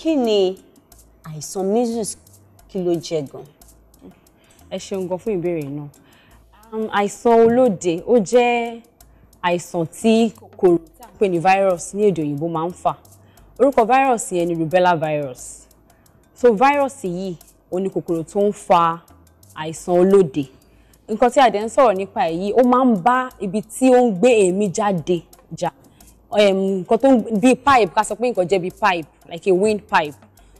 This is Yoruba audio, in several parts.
kí ni àìsàn measles kí ló jẹ́ gan. ẹ ṣeun gan fún ìbéèrè náà um, àìsàn olóde ó jẹ́ àìsàn tí kòkòrò tí a pè ní virus ní èdè òyìnbó máa ń fà orúkọ virus yẹn ni rubella virus so virus yìí ó ní kòkòrò tó ń fa àìsàn olóde nǹkan tí a dẹ̀ ń sọ̀rọ̀ nípa èyí ó máa ń bá ibi tí ó ń gbé èémí jáde jà nǹkan tó ń bí pipe ká sọ pé nǹkan jẹ́ bí pipe like a wind pipe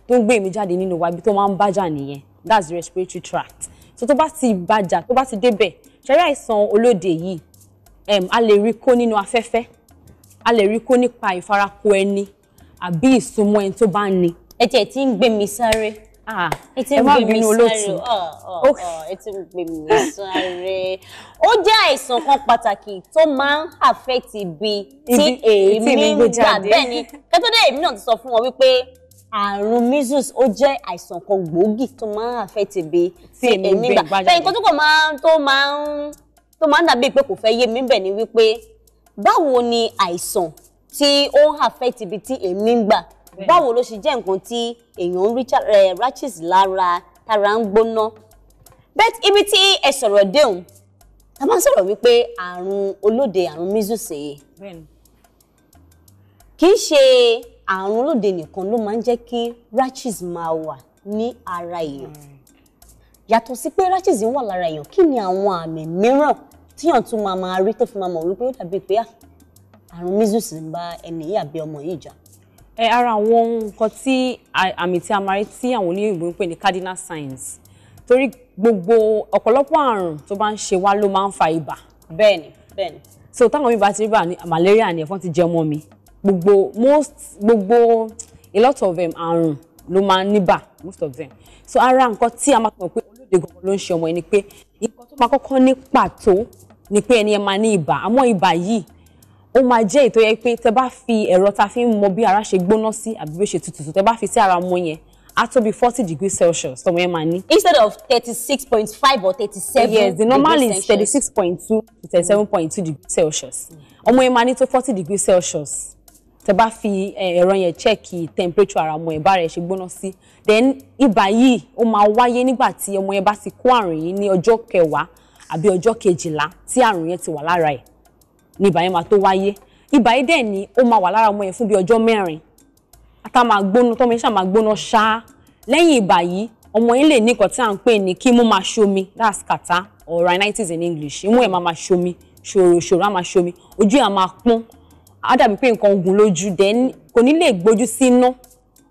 tó ń gbé èmi jáde nínú wa ibi tó máa ń bájà nìyẹn that's the respiratory tract so tó bá ti bájà tó bá ti débẹ̀ ṣẹ́rí àìsàn olóde yìí a lè rí kó nínú afẹ́fẹ́ a lè rí kó nípa ìfarakó ẹni àbí ìsúnmọ́ ẹni tó bá ní ẹ̀jẹ̀ tí ń gbé mi sáré Ah, ẹ má bínú olóòtú. etí ń gbé mi sáré. ó jẹ́ àìsàn kan pàtàkì tó máa ń affect ibi tí eh, èémí ń gbà bẹ́ẹ̀ ni kẹ́tọ́dẹ̀ èmi náà ti sọ fún wọn wípé àrùn measles ó jẹ́ àìsàn kan gbòógì tó máa ń affect ibi tí èémí ń gbà bẹ́ẹ̀ nǹkan tó kàn máa ń tó máa ń dàbí pé kò fẹ́ yé mi bẹ̀ ni wípé báwo ni àìsàn tí ó ń affect ibi tí èémí ń gbà báwo ló ṣe jẹ́ nǹkan tí èèyàn ń eh, ratches lára tára ń gbóná bẹ́ẹ̀ ibi tí ẹ sọ̀rọ̀ déhùn ta máa ń sọ̀rọ̀ wípé àrùn olóde àrùn measles èyí kì í ṣe àrùn olóde nìkan ló máa ń jẹ́ kí ratches máa wà ní ara èèyàn hmm. yàtọ̀ sí pé ratches wà lára èèyàn kí ni àwọn àmì mìíràn tíyàn tún máa máa rí tó fi máa mọ̀ wípé ó dàbí pé ah, àrùn measles ń bá ẹni yìí àbí ọmọ yìí jà ẹ ara àwọn nǹkan tí àmì tí a máa rí tí àwọn oníyìnbó ń pè ní cardinal signs torí gbogbo ọ̀pọ̀lọpọ̀ àrùn tó bá ń ṣe wá ló máa ń fa ibà. bẹ́ẹ̀ni bẹ́ẹ̀ni. so táwọn ibà ti rí bà malaria ni ẹ̀fọn ti jẹ mọ́ mi gbogbo most gbogbo a lot of them àrùn ló máa ń níbà most of them so ara nǹkan tí a máa pè pé olóde gbogbo ló ń ṣe ọmọ ẹni pé nǹkan tó máa kọ́kọ́ ní pàtó ni pé ẹni ẹ máa ní ibà àmọ́ ibà yìí ó máa jẹ́ èyí tó yẹ pé tẹ bá fi ẹ̀rọ ta fi ń mọ bí ara ṣe gbóná sí àbí bí ó ṣe tutù tẹ bá fi sí ara mọ yẹn á tó bí forty degrees celsius tọmọ yẹn máa ní. instead of thirty six point five or thirty seven. yes the normal is thirty six point two to thirty seven point two degrees celsius ọmọ yẹn máa ní tó forty degrees celsius tẹ bá fi ẹ̀rọ yẹn chẹ́ẹ̀kì temperature ara ọmọ yẹn bá ṣe gbóná sí then ibà yìí ó máa wáyé nígbà tí ọmọ yẹn bá ti kó àrùn yìí ní ọjọ́ kẹwàá àbí ọjọ́ kejìlá tí àrùn yẹn ti wà lára ẹ̀ ni ibà yẹn máa tó wáyé ibà yẹn dẹ̀ ni ó máa wà lára ọmọ yẹn fún bí ọjọ́ mẹ́rin ata máa gbóná tọ́mọ yẹn ṣáà máa gbóná ṣáá lẹ́yìn ibà yìí ọmọ yẹn lè ní nǹkan tí à ń pè ní kí imú máa ṣomi that's kata or rhinitis in English imú ẹ̀ máa máa ṣomi ṣòro ṣòro á máa ṣomi ojú ẹ̀ á máa pọ́n á dàbí pé nǹkan ogun lójú then kò ní lè gbójú sí iná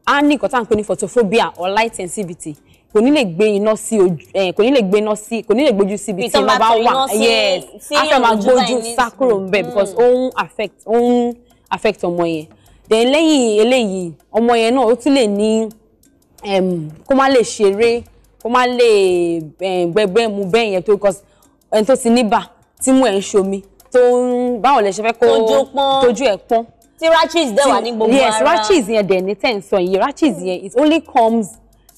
á ní nǹkan tá à ń pè ní photophobia or light sensitivity kò ní lè gbé iná sí ojú eh, kò ní lè gbé iná sí kò ní lè gbójú sí ibi tí iná bá wà yes after ma gbójú sá kúrò ń bẹ̀ because ó hmm. ń affect ó ń affect ọmọ yẹn then lẹ́yìn eléyìí ọmọ yẹn náà ó tún lè ní kó má lè ṣeré kó má lè gbẹgbẹ mu bẹ́ẹ̀ yẹn tó because ẹni tó ti níbà tí mú ẹ̀ ń ṣomi tó ń báwọn lè ṣe fẹ́ kó tójú ẹ̀ pọ́n. tí rachis dẹ̀ wà ní gbogbo ara yes rachis yẹn dẹ̀ ní tẹ̀ ń sọ yìí rachis yẹn it only comes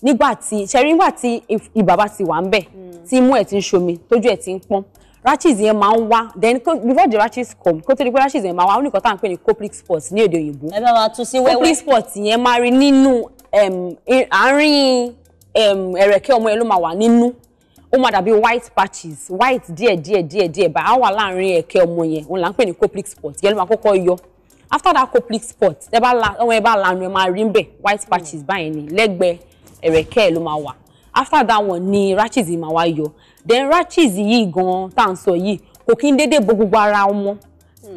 nígbà tí ṣẹ́rí nígbà tí ibà bá ti wà ń bẹ̀ hmm. tí imú ẹ̀ ti ń ṣomi tójú ẹ̀ ti ń pọ́n rashes yẹn máa ń wá then before the rashes come kó tó di pé rashes yẹn máa wá ó ní nǹkan tá à ń pè ní coplic spot ní èdè òyìnbó ẹ spot yẹn máa rí nínú àárín ẹ̀rẹ̀kẹ́ ọmọ yẹn ló máa wà nínú ó máa dàbí white patches white díẹ̀ díẹ̀ díẹ̀ díẹ̀ bá á wà láàárín ẹ̀kẹ́ ọmọ yẹn òun là ń pè ní coplic spot yẹn ló máa kọ́kọ́ yọ after that coplic spot ọmọ yẹn bá lanu ẹ máa rí ń bẹ̀ white patches báyẹn ni lẹ́gbẹ̀ẹ́ ẹ̀rẹ̀kẹ́ ẹ̀ ló máa wà after that one ni rashes yìí máa wá yọ then rashes yìí gan tá à ń sọ yìí kò kí ń dédé bo gbogbo ara ọmọ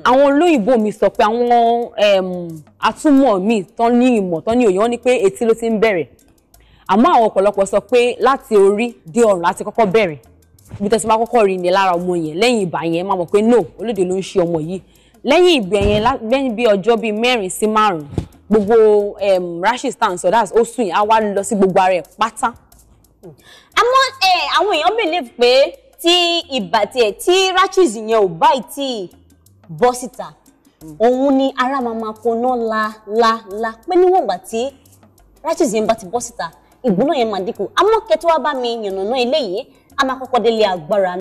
àwọn olóyìnbó mi sọ pé àwọn atúmọ̀ mi tán ní ìmọ̀ tán ní òye wọn ni pé etí ló ti ń bẹ̀rẹ̀ àmọ́ àwọn ọ̀pọ̀lọpọ̀ sọ pé láti orí dé ọ̀run láti kọ́kọ́ bẹ̀rẹ̀ ibi tẹ́sí bá kọ́kọ́ rí ni lára ọmọ yẹn lẹ́yìn ibà yẹn máa mọ̀ pé no olóde ló ń ṣe ọmọ yìí lẹ́yìn ìgbẹ̀ yẹn lẹ́yìn bí ọjọ́ bíi mẹ́rin sí márùn-ún gbogbo rashes tá so that's ó sùn yìí á wá lọ sí gbogbo ara ẹ̀ pátá. àmọ́ àwọn èèyàn believe pé tí ìbà tiẹ̀ tí rashes yẹn ò bá ì bọ́ síta òun ni ara máa ma la la la pé níwọ̀n ìgbà tí rashes yẹn bá ti bọ́ síta ìgbóná yẹn máa dínkù àmọ́ kẹtọ́ wá bá mi yànnàná eléyìí a máa kọ́kọ́ délé agbára